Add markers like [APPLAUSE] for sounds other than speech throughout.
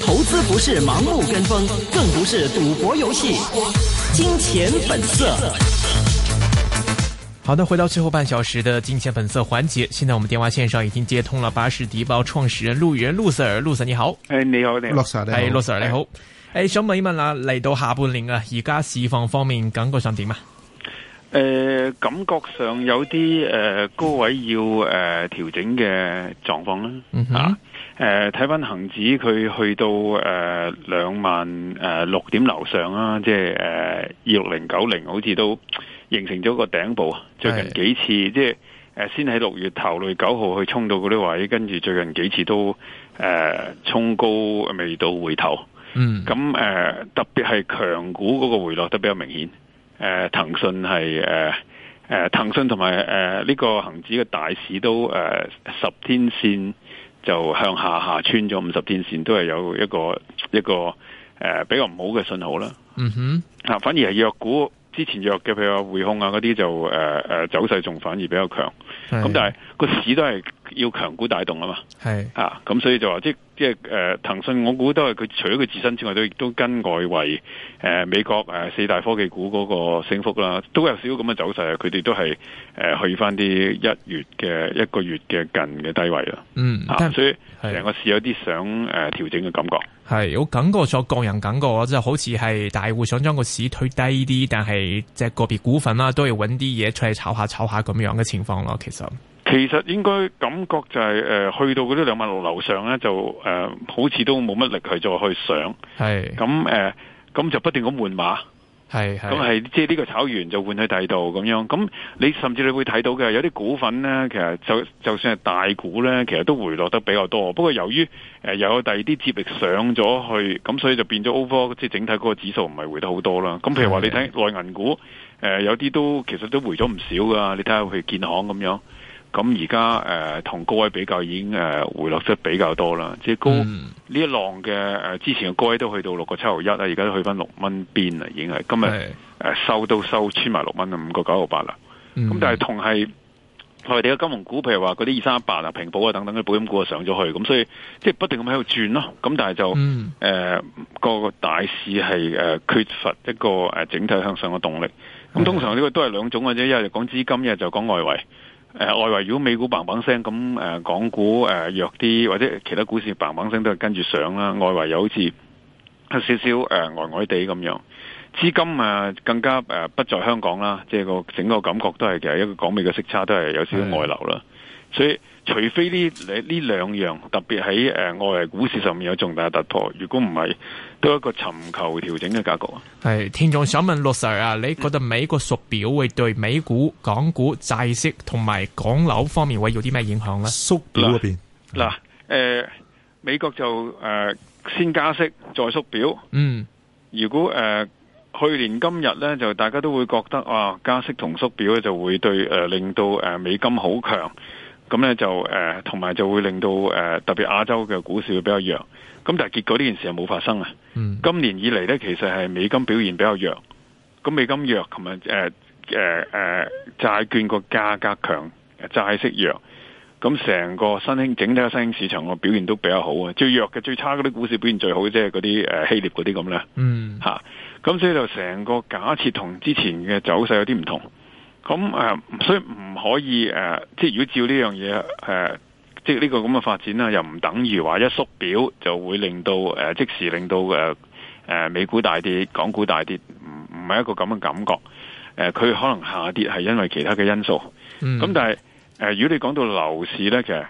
投資不是盲目跟風，更不是賭博遊戲。金錢本色。好的，回到最後半小時的金錢本色環節。現在我們電話線上已經接通了巴士迪包創始人陸源陸 s 爾 r 陸 s 你好。哎，你好，你好。陸 s i 爾你好。哎，小問們啦來嚟到下半年啊，而家西方方面感覺上點嘛？誒、呃，感覺上有啲誒、呃、高位要誒調、呃、整嘅狀況啦，吓誒睇翻恒指佢去到誒兩萬誒六點樓上啦，即係誒二六零九零，26 00, 26好似都形成咗個頂部。最近幾次、mm hmm. 即係誒、呃、先喺六月頭六月九號去衝到嗰啲位，跟住最近幾次都誒、呃、衝高未到回頭，嗯、mm，咁、hmm. 誒、呃、特別係強股嗰個回落得比較明顯。誒騰訊係誒誒騰訊同埋誒呢個恒指嘅大市都誒、呃、十天線就向下下穿咗五十天線，都係有一個一個誒、呃、比較唔好嘅信號啦。嗯哼、mm，hmm. 反而係弱股。之前弱嘅，譬如話匯控啊嗰啲就誒、呃、走勢仲反而比較強，咁是但係個市都係要強股帶動啊嘛，是啊，咁所以就話即即係誒騰訊，我估都係佢除咗佢自身之外，都都跟外圍誒、呃、美國誒、呃、四大科技股嗰個升幅啦，都有少少咁嘅走勢啊，佢哋都係誒、呃、去翻啲一,一月嘅一個月嘅近嘅低位啦，嗯，啊、但所以成是個市有啲想誒、呃、調整嘅感覺。係，我感覺咗個人感覺，即係好似係大戶想將個市推低啲，但係隻個別股份啦、啊，都要搵啲嘢出嚟炒一下炒一下咁樣嘅情況咯。其實其實應該感覺就係、是、誒、呃，去到嗰啲兩萬六樓上咧，就、呃、誒好似都冇乜力去再去上，係咁誒，咁、呃、就不斷咁換馬。係，咁係即係呢個炒完就換去第二度咁樣，咁你甚至你會睇到嘅有啲股份咧，其實就就算係大股咧，其實都回落得比較多。不過由於誒、呃、又有第二啲接力上咗去，咁所以就變咗 over 即係整體嗰個指數唔係回得好多啦。咁譬如話你睇內銀股，誒、呃、有啲都其實都回咗唔少㗎，你睇下去建行咁樣。咁而家誒同高位比較已經誒、呃、回落得比較多啦，即係高呢、嗯、一浪嘅誒、呃、之前嘅高位都去到六個七毫一啦，而家都去翻六蚊邊啦，已經係今日誒的、呃、收都收穿埋六蚊啦，五個九毫八啦。咁、嗯嗯、但係同係內地嘅金融股，譬如話嗰啲二三八啊、平保啊等等嘅保險股啊上咗去，咁所以即係不斷咁喺度轉咯。咁但係就誒個大市係誒、呃、缺乏一個、呃、整體向上嘅動力。咁通常呢個都係兩種嘅啫，一係就講資金，一係就講外圍。誒、呃、外圍如果美股棒棒聲咁，誒、呃、港股誒、呃、弱啲或者其他股市棒棒聲都係跟住上啦。外圍又好似有少少誒呆呆哋咁樣，資、呃呃呃、金啊、呃、更加誒不在香港啦，即、呃、係、呃呃呃呃呃、整個感覺都係其實一個港美嘅息差都係有少少外流啦。的所以除非呢呢兩樣特別喺、呃呃、外圍股市上面有重大突破，如果唔係，都一個尋求調整嘅格局啊！係聽眾想問陸 sir 啊，你覺得美國縮表會對美股、港股、債息同埋港樓方面會有啲咩影響呢？縮表邊嗱，誒、嗯，美國就誒先加息再縮表。嗯，如果誒、呃、去年今日呢，就大家都會覺得啊、呃，加息同縮表咧就會對誒、呃、令到誒、呃、美金好強。咁咧就誒，同、呃、埋就會令到誒、呃，特別亞洲嘅股市會比較弱。咁但係結果呢件事又冇發生啊！嗯、今年以嚟咧，其實係美金表現比較弱。咁美金弱同埋誒誒誒債券個價格強，債息弱。咁成個新興整體新興市場嘅表現都比較好啊！最弱嘅、最差嗰啲股市表現最好，即係嗰啲誒希臘嗰啲咁啦，嗯，咁、啊、所以就成個假設同之前嘅走勢有啲唔同。咁誒、啊，所以唔可以誒、啊，即係如果照呢樣嘢誒、啊，即係呢個咁嘅發展咧，又唔等於話一縮表就會令到、啊、即時令到誒、啊、美股大跌、港股大跌，唔唔係一個咁嘅感覺。誒、啊，佢可能下跌係因為其他嘅因素。咁、嗯、但係誒、啊，如果你講到樓市咧，其實。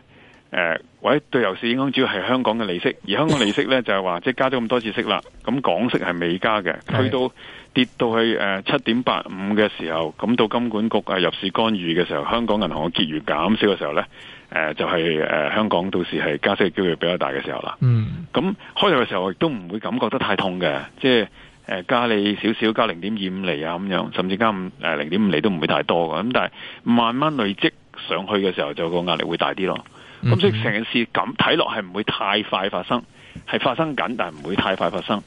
誒，或者、呃、對樓市影響主要係香港嘅利息，而香港利息咧就係、是、話即係加咗咁多次息啦。咁港息係未加嘅，去到跌到去誒七點八五嘅時候，咁到金管局啊入市干預嘅時候，香港銀行嘅結餘減少嘅時候咧，誒、呃、就係、是、誒、呃、香港到時係加息嘅機會比較大嘅時候啦。嗯，咁開頭嘅時候亦都唔會感覺得太痛嘅，即係誒加你少少，加零點二五厘啊咁樣，甚至加誒零點五厘都唔會太多嘅。咁但係慢慢累積上去嘅時候，就個壓力會大啲咯。咁、嗯、所以成件事咁睇落，係唔會太快發生，係發生緊，但係唔會太快發生。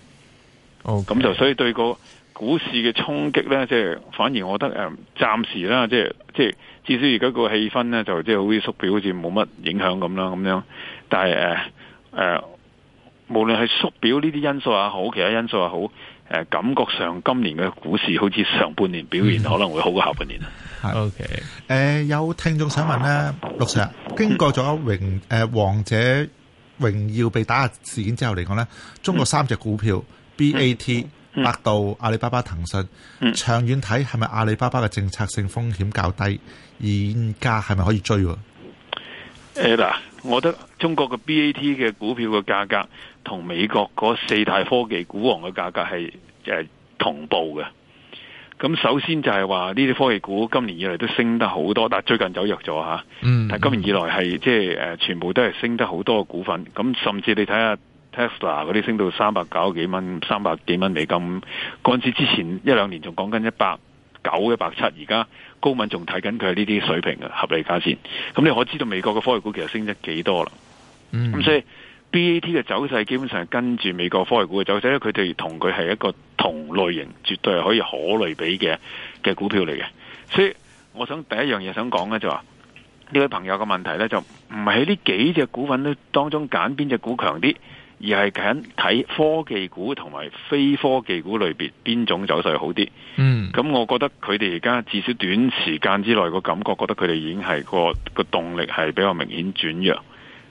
哦，咁就所以對個股市嘅衝擊咧，即、就、係、是、反而我覺得誒、呃、暫時啦，即係即係至少而家個氣氛咧，就即係好似縮表好似冇乜影響咁啦，咁樣。但係誒誒無論係縮表呢啲因素也好，其他因素也好。誒，感覺上今年嘅股市好似上半年表現可能會好過下半年啊。OK，誒，有聽眾想問咧，陸 sir、啊，經過咗榮誒王者榮耀被打壓事件之後嚟講咧，中國三隻股票 BAT、嗯、百度、阿里巴巴、騰訊，長遠睇係咪阿里巴巴嘅政策性風險較低？而家係咪可以追？誒，嗱、哎，我覺得中國嘅 B A T 嘅股票嘅價格同美國嗰四大科技股王嘅價格係誒、呃、同步嘅。咁首先就係話呢啲科技股今年以嚟都升得好多，但係最近走弱咗吓。嗯、啊，但係今年以來係即係誒，全部都係升得好多嘅股份。咁甚至你睇下 Tesla 嗰啲升到三百九幾蚊、三百幾蚊美金，嗰陣時之前一兩年仲講緊一百九、一百七，而家。高敏仲睇緊佢呢啲水平嘅合理價錢，咁你可知道美國嘅科技股其實升得幾多啦？咁、嗯、所以 BAT 嘅走勢基本上跟住美國科技股嘅走勢，因為佢哋同佢係一個同類型，絕對係可以可類比嘅嘅股票嚟嘅。所以我想第一樣嘢想講嘅就話、是，呢位朋友嘅問題咧，就唔係喺呢幾隻股份咧當中揀邊隻股強啲，而係睇科技股同埋非科技股類別邊種走勢好啲？嗯，咁我覺得佢哋而家至少短時間之內個感覺，覺得佢哋已經係個,個動力係比較明顯轉弱、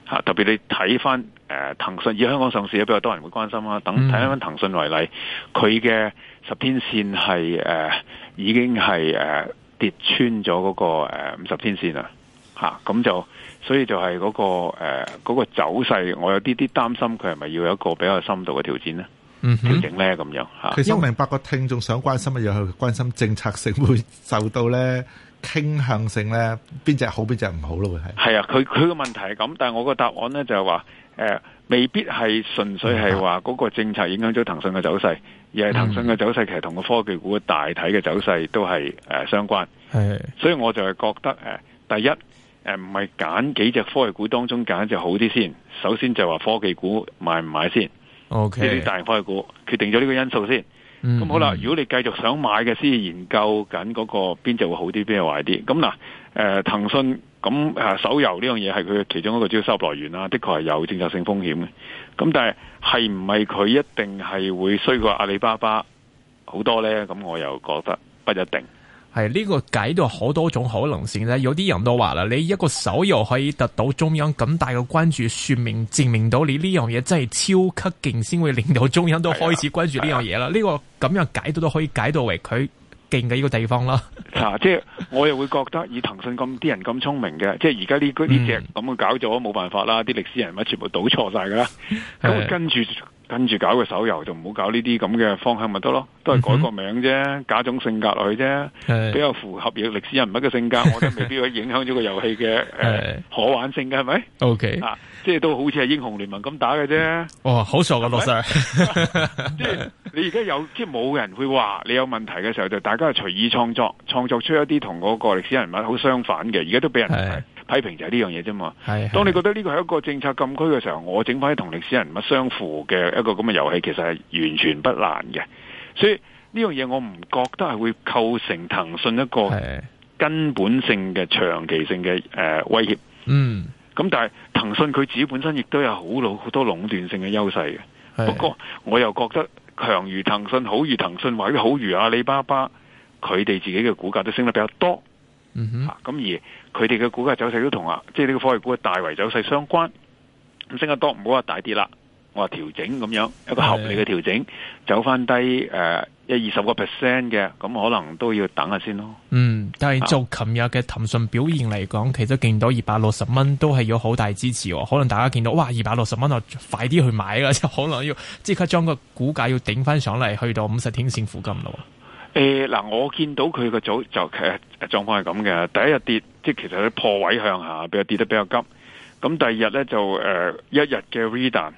啊、特別你睇翻誒騰訊，以香港上市比較多人會關心啦、啊。等睇翻騰訊為例，佢嘅十天線係、呃、已經係、呃、跌穿咗嗰個、呃、五十天線啦。吓咁、啊、就，所以就係嗰、那個誒、呃那個走勢，我有啲啲擔心佢係咪要有一個比較深度嘅調整呢？調整咧咁樣。啊、其實我明白個聽眾想關心乜嘢，去關心政策性會受到咧傾向性咧邊隻好邊隻唔好咯？會係。係啊，佢佢個問題係咁，但係我個答案咧就係話，誒、呃、未必係純粹係話嗰個政策影響咗騰訊嘅走勢，啊、而係騰訊嘅走勢其實同個科技股大體嘅走勢都係誒、呃、相關。係的，所以我就係覺得誒、呃、第一。誒，唔係揀幾隻科技股當中揀一隻好啲先。首先就話科技股買唔買先？呢啲 Okay. 大型科技股，決定咗呢個因素先。咁、mm hmm. 好啦，如果你繼續想買嘅，先研究緊、那、嗰個邊隻會好啲，邊隻壞啲。咁嗱，誒、呃，騰訊咁誒手遊呢樣嘢係佢嘅其中一個主要收入來源啦，的確係有政策性風險嘅。咁但係係唔係佢一定係會衰過阿里巴巴好多咧？咁我又覺得不一定。係呢、這個解到好多種可能性咧，有啲人都話啦，你一個手遊可以得到中央咁大嘅關注，說明證明到你呢樣嘢真係超級勁，先會令到中央都開始關注呢樣嘢啦。呢、啊啊這個咁樣解到都可以解到為佢勁嘅呢個地方啦。啊，即、就、係、是、我又會覺得以騰訊，以騰訊咁啲人咁聰明嘅，即係而家呢個呢隻咁搞咗，冇辦法啦，啲歷史人物全部倒錯晒㗎啦，咁跟住。跟住搞個手遊就唔好搞呢啲咁嘅方向咪得咯，都係改個名啫，假種性格落去啫，比較符合嘅歷史人物嘅性格，是的 我都未必會影響咗個遊戲嘅是的 可玩性嘅係咪？O K，即係都好似係英雄聯盟咁打嘅啫、嗯。哇，好傻嘅老細，即係你而家有即係冇人會話你有問題嘅時候，就大家隨意創作，創作出一啲同嗰個歷史人物好相反嘅，而家都俾人。批評就係呢樣嘢啫嘛。係，當你覺得呢個係一個政策禁區嘅時候，我整翻啲同歷史人物相符嘅一個咁嘅遊戲，其實係完全不難嘅。所以呢樣嘢我唔覺得係會構成騰訊一個根本性嘅長期性嘅誒、呃、威脅。嗯。咁但係騰訊佢自己本身亦都有好好多壟斷性嘅優勢嘅。是的 不過我又覺得強如騰訊，好如騰訊，或者好如阿里巴巴，佢哋自己嘅股價都升得比較多。咁而佢哋嘅股價走勢都同啊，即係呢個科技股嘅大圍走勢相關。咁升得多唔好話大跌啦，我話調整，咁樣一個合理嘅調整，的走翻低誒一二十個 percent 嘅，咁、呃、可能都要等下先咯。嗯，但係就琴日嘅騰訊表現嚟講，啊、其實見到二百六十蚊都係要好大支持、哦，可能大家見到哇，二百六十蚊我快啲去買啦，就可能要即刻將個股價要頂翻上嚟，去到五十天線附近咯。誒，嗱，我見到佢個組就其實狀況係咁嘅，第一日跌，即係其實啲破位向下，比較跌得比較急。咁第二日咧就誒、呃、一日嘅 redon，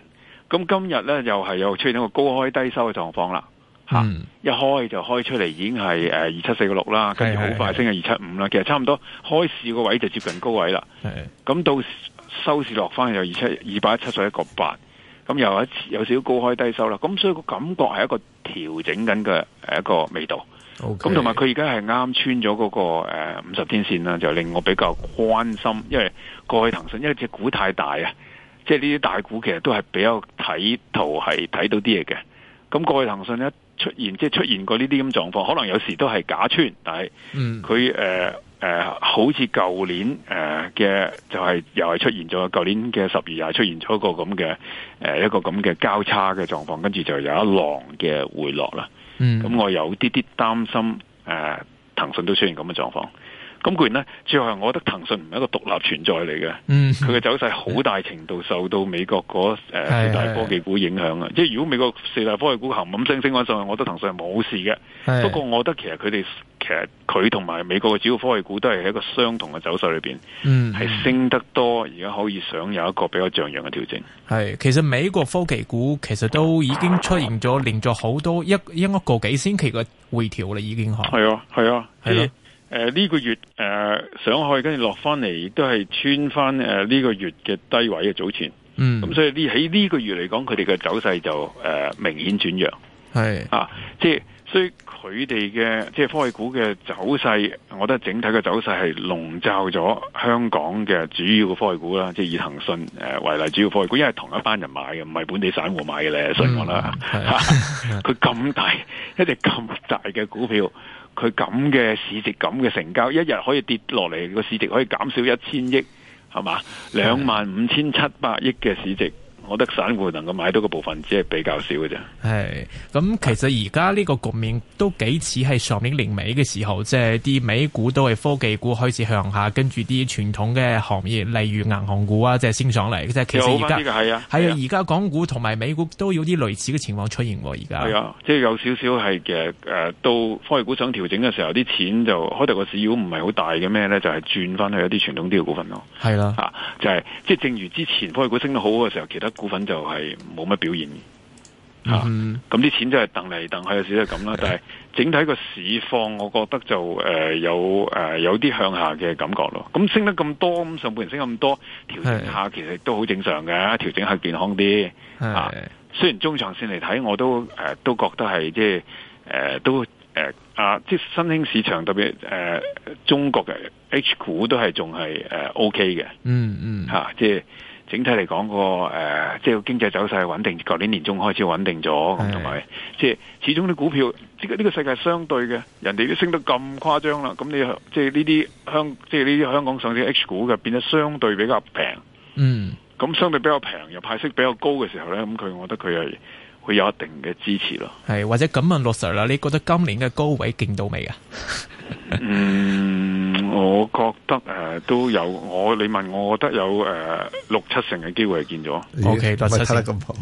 咁今日咧又係又出現一個高開低收嘅狀況啦。吓、嗯，一開就開出嚟已經係誒二七四個六啦，跟住好快升係二七五啦。其實差唔多開市個位就接近高位啦。咁是到收市落翻去就二七二百一七十一個八，咁又一次有少少高開低收啦。咁所以個感覺係一個。調整緊嘅一個味道，咁同埋佢而家係啱穿咗嗰、嗰個五十、呃、天線啦、啊，就令我比較關心，因為過去騰訊因為隻股太大啊，即係呢啲大股其實都係比較睇圖係睇到啲嘢嘅。咁、啊、過去騰訊一出現即係、就是、出現過呢啲咁狀況，可能有時都係假穿，但係佢誒，好似舊年誒嘅，就係又係出現咗，舊年嘅十二月又出現咗一個咁嘅，誒一個咁嘅交叉嘅狀況，跟住就有一浪嘅回落啦。嗯，咁我有啲啲擔心，誒，騰訊都出現咁嘅狀況。咁固然呢，主要係我覺得騰訊唔係一個獨立存在嚟嘅，佢嘅、嗯、走勢好大程度受到美國嗰、呃、四大科技股影響啊！即係如果美國四大科技股冚冚升升上陣，我覺得騰訊係冇事嘅。是不過我覺得其實佢哋其實佢同埋美國嘅主要科技股都係喺一個相同嘅走勢裏邊，嗯，係升得多，而家可以想有一個比較象樣嘅調整。係，其實美國科技股其實都已經出現咗連續好多一應一個個幾星期嘅回調啦，已經嚇。係啊，係啊，誒，呢、呃這個月誒、呃、上去跟住落翻嚟，亦都係穿翻誒呢個月嘅低位嘅早前，嗯，咁、啊、所以呢喺呢個月嚟講，佢哋嘅走勢就誒、呃、明顯轉弱，係是啊，即係所以佢哋嘅即係科技股嘅走勢，我覺得整體嘅走勢係籠罩咗香港嘅主要嘅科技股啦，即係以騰訊誒為例，主要科技股，因為同一班人買嘅，唔係本地散戶買嘅咧，所以我諗啊，佢咁大 [LAUGHS] 一隻咁大嘅股票。佢咁嘅市值，咁嘅成交，一日可以跌落嚟，個市值可以減少一千億，係咪？兩萬五千七百億嘅市值。我覺得散戶能夠買到嘅部分，只係比較少嘅啫。係咁，其實而家呢個局面都幾似係上年年尾嘅時候，即係啲美股都係科技股開始向下，跟住啲傳統嘅行業，例如銀行股啊，即、就、係、是、升上嚟。即係其實而家係啊，係啊，而家、啊啊、港股同埋美股都有啲類似嘅情況出現。而家係啊，即係、啊就是、有少少係嘅，誒、呃，到科技股想調整嘅時候，啲錢就開頭個市如果唔係好大嘅咩咧，就係轉翻去一啲傳統啲嘅股份咯。係啦、啊，啊，就係、是、即係正如之前科技股升得好嘅時候，其他。股份就係冇乜表現的，吓咁啲錢即係掟嚟掟去就，少係咁啦。但係整體個市況，我覺得就誒、呃、有誒、呃、有啲向下嘅感覺咯。咁升得咁多，咁上半年升咁多，調整下其實都好正常嘅，調整下健康啲吓。啊、 [LAUGHS] 雖然中長線嚟睇，我都誒、呃、都覺得係即係誒都誒、呃、啊，即係新興市場特別誒、呃、中國嘅 H 股都係仲係誒 OK 嘅。嗯嗯吓，即係。整體嚟講，個誒即係經濟走勢穩定，舊年年中開始穩定咗，咁同埋即係始終啲股票，呢個呢個世界相對嘅，人哋都升得咁誇張啦，咁你即係呢啲香，即係呢啲香港上市嘅 H 股嘅，變得相對比較平，嗯，咁相對比較平又派息比較高嘅時候咧，咁佢，我覺得佢係。會有一定嘅支持咯，係或者咁問陸 Sir 啦？你覺得今年嘅高位見到未啊？ [LAUGHS] 嗯，我覺得誒、呃、都有，我你問我覺得有誒、呃、六七成嘅機會係見咗，ok 得七得咁好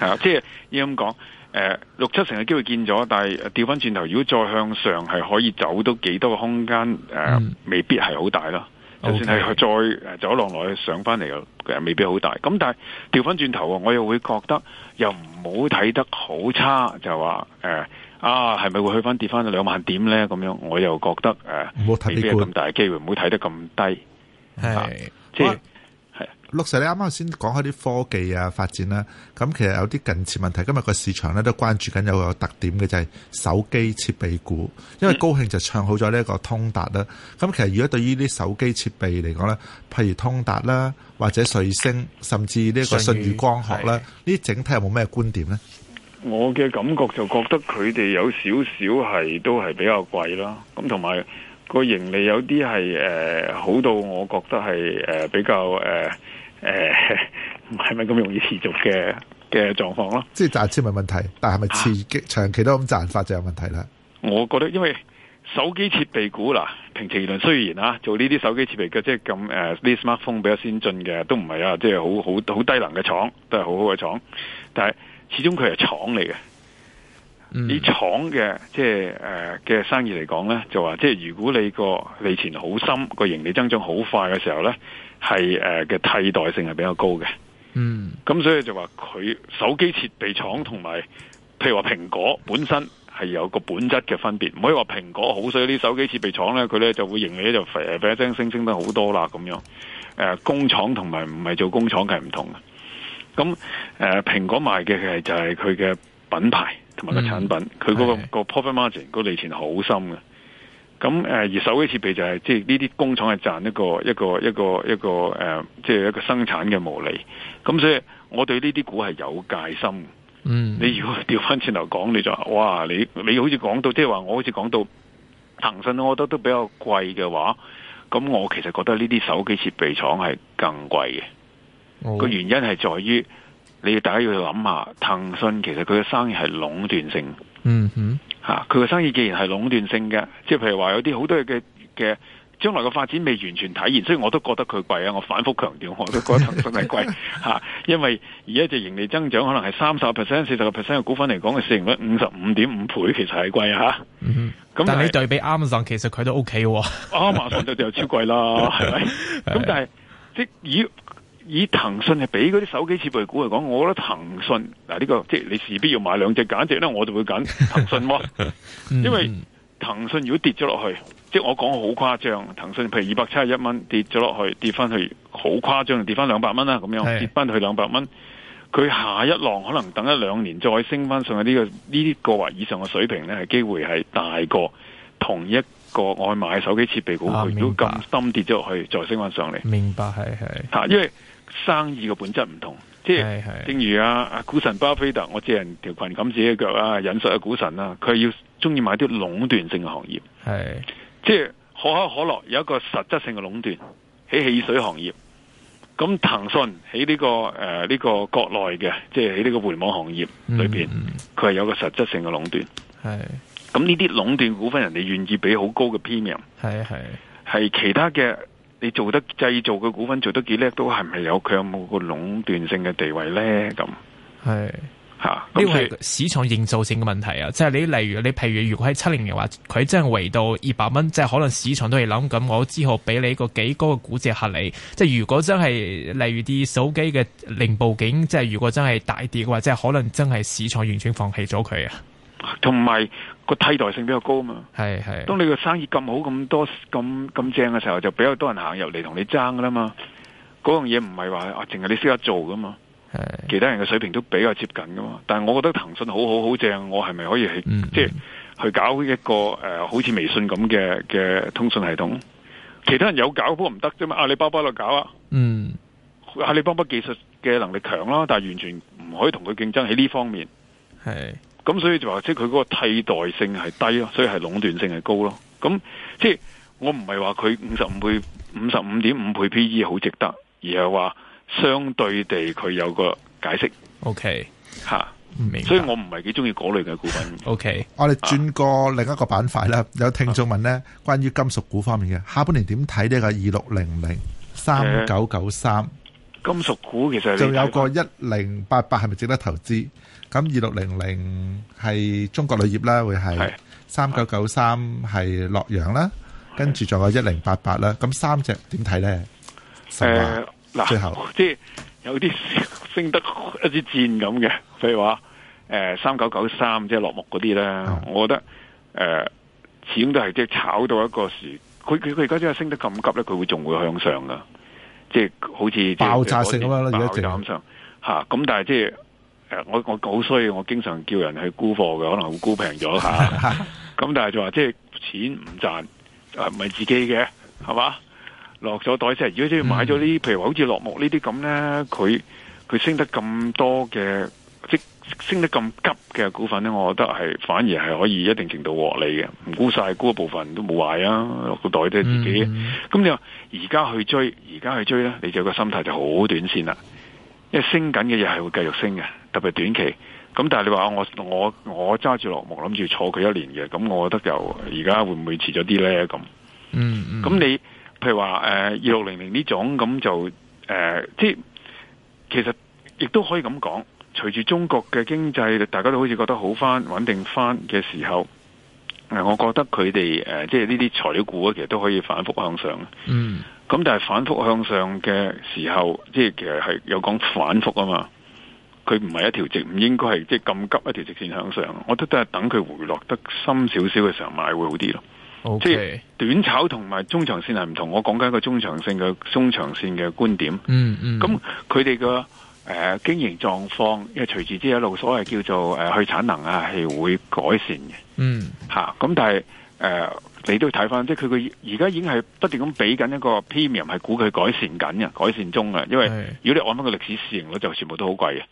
係啊，即係要咁講，誒六七成嘅機、 [LAUGHS] 呃、會見咗，但係調翻轉頭，如果再向上係可以走到幾多個空間誒、呃，未必係好大咯。Okay. 就算係再走落去，上翻嚟，又誒未必好大。咁但係調翻轉頭我又會覺得又唔好睇得好差，就話誒、呃、啊，係咪會去翻跌翻兩萬點咧？咁樣我又覺得誒，未必有咁大嘅機會，唔好睇得咁低。係是，即係、啊。Okay. 陸 Sir 你啱啱先講開啲科技啊發展啦，咁其實有啲近似問題。今日個市場咧都關注緊，有個特點嘅就係、是、手機設備股，因為高興就唱好咗呢一個通達啦。咁、嗯、其實如果對於呢啲手機設備嚟講咧，譬如通達啦，或者瑞聲，甚至呢一個舜宇光學啦，呢啲整體有冇咩觀點咧？我嘅感覺就覺得佢哋有少少係都係比較貴啦，咁同埋個盈利有啲係、呃、好到，我覺得係、呃、比較、呃誒，係咪咁容易持續嘅嘅狀況咯？即係賺錢咪係問題，但係咪刺激長期都咁賺法就有問題啦？我覺得因為手機設備股啦，平時論雖然啊，做呢啲手機設備嘅即係咁誒啲 smartphone 比較先進嘅，都唔係啊，即係好好好低能嘅廠，都係好好嘅廠，但係始終佢係廠嚟嘅。以廠嘅即係誒嘅生意嚟講咧，就話即係如果你個利錢好深，個盈利增長好快嘅時候咧，係誒嘅替代性係比較高嘅。嗯，咁所以就話佢手機設備廠同埋，譬如話蘋果本身係有個本質嘅分別，唔可以話蘋果好，所以啲手機設備廠咧佢咧就會盈利就啡啡聲升升得好多啦咁樣。誒、呃，工廠同埋唔係做工廠係唔同嘅。咁誒、呃，蘋果賣嘅係就係佢嘅品牌。同埋個產品，佢嗰、嗯嗰個 profit margin 的個利錢好深嘅。咁、呃、而手機設備就係、是、即係呢啲工廠係賺一個一個一個一個、呃、即係一個生產嘅毛利。咁所以，我對呢啲股係有戒心。嗯，你如果調翻轉頭講，你就哇，你你好似講到即係話，我好似講到騰訊，我覺得都比較貴嘅話，咁我其實覺得呢啲手機設備廠係更貴嘅。個、哦、原因係在於。你要大家要諗下，騰訊其實佢嘅生意係壟斷性，嗯哼，吓，佢嘅生意既然係壟斷性嘅，即係譬如話有啲好多嘅嘅將來嘅發展未完全體現，所以我都覺得佢貴啊！我反復強調，我都覺得騰訊係貴吓， [LAUGHS] 因為而家隻盈利增長可能係三十個 percent、四十個 percent 嘅股份嚟講嘅市盈率五十五點五倍，其實係貴啊！吓，咁但係你對比 Amazon 其實佢都 OK 喎。啊，馬上就又超貴啦，係咪？ [LAUGHS] 咁但係即是以。以騰訊係俾嗰啲手機設備股嚟講，我覺得騰訊嗱呢、啊呢個即係你事必要買兩隻揀，直呢，咧我就會揀騰訊， [LAUGHS] 因為騰訊如果跌咗落去，即係我講好誇張，騰訊譬如二百七十一蚊跌咗落去，跌翻去好誇張，跌翻兩百蚊啦咁樣，的跌翻去兩百蚊，佢下一浪可能等一兩年再升翻上去呢、呢個呢啲過圍以上嘅水平咧，係機會係大過同一個外賣手機設備股，佢、啊、如果咁深跌咗落去，再升翻上嚟，明白係係因為生意嘅本質唔同，即係正如啊，阿股是是 神巴菲特，我借人條裙，咁自己腳啊，引述阿股神啦、啊，佢要中意買啲壟斷性嘅行業，係是是 即係可口可樂有一個實質性嘅壟斷喺汽水行業，咁騰訊喺呢個誒呢、呃這個國內嘅，即係喺呢個互聯網行業裏邊，佢係、嗯、有個實質性嘅壟斷，係咁呢啲壟斷股份，人哋願意俾好高嘅 premium，係係係其他嘅。你做得製造嘅股份做得幾叻，都係咪有佢有冇個壟斷性嘅地位呢？咁係吓，呢個係市場認受性嘅問題啊。即係、嗯、你例如你，譬如如果喺七零年嘅話，佢真係圍到二百蚊，即、就、係、是、可能市場都係諗咁。我之後俾你一個幾高嘅估值合理。即、就、係、是、如果真係例如啲手機嘅零部件，即、就、係、是、如果真係大跌嘅話，即、就、係、是、可能真係市場完全放棄咗佢啊。同埋個替代性比較高嘛，係係。當你個生意咁好咁多咁咁正嘅時候，就比較多人行入嚟同你爭噶啦嘛。嗰樣嘢唔係話啊，淨係你識得做噶嘛，係是 其他人嘅水平都比較接近噶嘛。但係我覺得騰訊好好好正，我係咪可以去、嗯嗯、即係去搞一個誒、呃，好似微信咁嘅嘅通訊系統？其他人有搞不過唔得啫嘛。阿里巴巴就搞啊，嗯，阿里巴巴技術嘅能力強啦，但係完全唔可以同佢競爭喺呢方面，係。咁所以就話即係佢嗰個替代性係低咯，所以係壟斷性係高咯。咁即係我唔係話佢五十五倍、五十五點五倍 PE 好值得，而係話相對地佢有個解釋。OK 吓，明。所以我唔係幾中意嗰類嘅股份。OK 我哋轉過另一個板塊啦。有聽眾問呢關於金屬股方面嘅下半年點睇呢個二六零零三九九三？金屬股其實仲有個一零八八係咪值得投資？咁二六零零係中國鋁業啦，會係三九九三係洛陽啦，跟住仲有一零八八啦。咁三隻點睇咧？誒，嗱，最後即係有啲升得一支箭咁嘅，譬如話誒三九九三即係落木嗰啲咧，我覺得誒始終都係即係炒到一個時，佢佢佢而家真係升得咁急咧，佢會仲會向上噶。即係好似爆炸性爆炸啊嘛！而咁上吓，咁但係即係誒，我我好衰，我經常叫人去沽貨嘅，可能會沽平咗吓，咁但係就話即係錢唔賺，誒唔係自己嘅，係嘛？落咗袋先，如果即係買咗啲、嗯、譬如好似落木呢啲咁咧，佢佢升得咁多嘅即。升得咁急嘅股份咧，我覺得係反而係可以一定程度獲利嘅，唔沽晒沽一部分都冇壞啊，落個袋都係自己。咁、嗯嗯、你話而家去追，而家去追咧，你就有個心態就好短線啦。因為升緊嘅嘢係會繼續升嘅，特別短期。咁但係你話我我我揸住落幕諗住坐佢一年嘅，咁我覺得就而家會唔會遲咗啲咧？咁，咁、嗯嗯、你譬如話誒二六零零呢種咁就誒，即、呃、係其實亦都可以咁講。隨住中國嘅經濟，大家都好似覺得好翻、穩定翻嘅時候，我覺得佢哋誒，即係呢啲材料股啊，其實都可以反復向上。咁、嗯、但係反復向上嘅時候，即係其實係有講反復啊嘛。佢唔係一條直，唔應該係即係咁急一條直綫向上。我覺得都係等佢回落得深少少嘅時候買會好啲咯。Okay。即係短炒同埋中長綫係唔同。我講緊一個中長綫嘅中長綫嘅觀點。嗯咁佢哋嘅。嗯嗯嗯嗯嗯誒、呃，經營狀況，因為隨住之、之一路所謂叫做誒、呃、去產能啊，係會改善嘅。嗯，吓咁、啊、但係誒、呃，你都要睇翻，即係佢嘅而家已經係不斷咁俾緊一個 premium，係估佢改善緊嘅，改善中嘅。因為是如果你按翻個歷史市盈率，就全部都好貴嘅。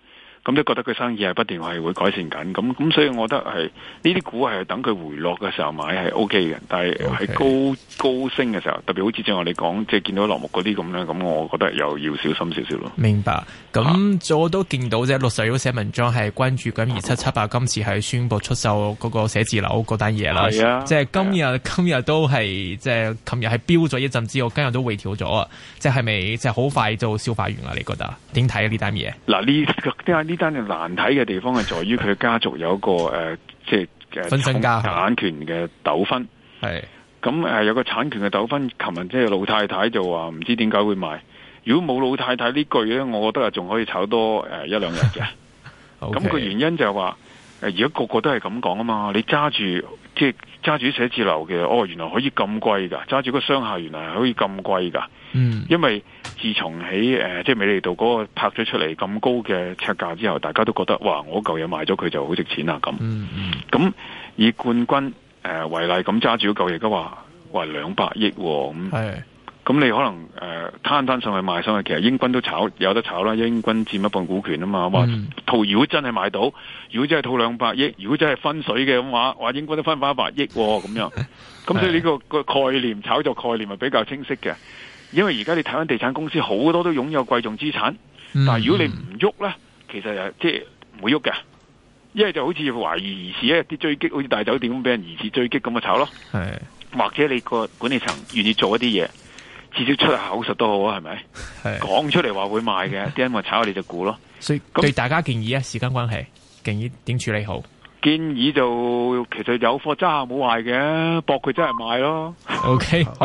咁都覺得佢生意係不斷係會改善緊，咁咁所以我覺得係呢啲股係等佢回落嘅時候買係 OK 嘅，但係喺高 Okay. 高升嘅時候，特別好似正話你講，即係見到落木嗰啲咁樣，咁我覺得又要小心少少咯。明白。咁、啊、我都見到即六十佬寫文章係關注緊二七七八，今次係宣布出售嗰個寫字樓嗰單嘢啦。係啊。即係今日、啊、今日都係即係琴日係飆咗一陣之後，今日都回調咗啊！即係咪即係好快就消化完啦？你覺得點睇呢單嘢嗱呢？啊呢單嘅難睇嘅地方係在於佢家族有一個誒、呃，即係誒產權嘅糾紛，係咁誒有個產權嘅糾紛。琴日即係老太太就話唔知點解會賣。如果冇老太太呢句咧，我覺得係仲可以炒多誒、呃、一兩日嘅。咁個 [LAUGHS] Okay. 原因就係話。誒，而家個個都係咁講啊嘛！你揸住即係揸住啲寫字樓嘅，哦，原來可以咁貴㗎！揸住個商廈，原來可以咁貴㗎！嗯，因為自從喺誒、呃、即係美利道嗰個拍咗出嚟咁高嘅尺價之後，大家都覺得哇！我嚿嘢賣咗佢就好值錢啊！咁，咁、嗯嗯、以冠軍誒、呃、為例，咁揸住嚿嘢都話話兩百億喎、哦、咁。咁你可能誒攤攤上去賣上去，其實英軍都炒有得炒啦，英軍佔一半股權啊嘛，話套如果真係買到，如果真係套兩百億，如果真係分水嘅咁話，話英軍都分翻一百億咁樣。咁 [LAUGHS] 所以呢、這個、 [LAUGHS] 個概念炒作概念係比較清晰嘅，因為而家你睇翻地產公司好多都擁有貴重資產， [LAUGHS] 但如果你唔喐咧，其實誒即係唔會喐嘅，因為就好似懷疑疑似一啲追擊，好似大酒店咁俾人疑似追擊咁啊炒咯。 [LAUGHS] 或者你個管理層願意做一啲嘢。至少出口術都好啊，係咪？講 [LAUGHS] 出嚟話會賣嘅，啲人話炒我哋就估咯。 [LAUGHS] 所以對大家建議啊，那時間關係，建議點處理好？建議就其實有貨揸冇壞嘅，搏佢真係賣咯。 [LAUGHS] OK。 [LAUGHS]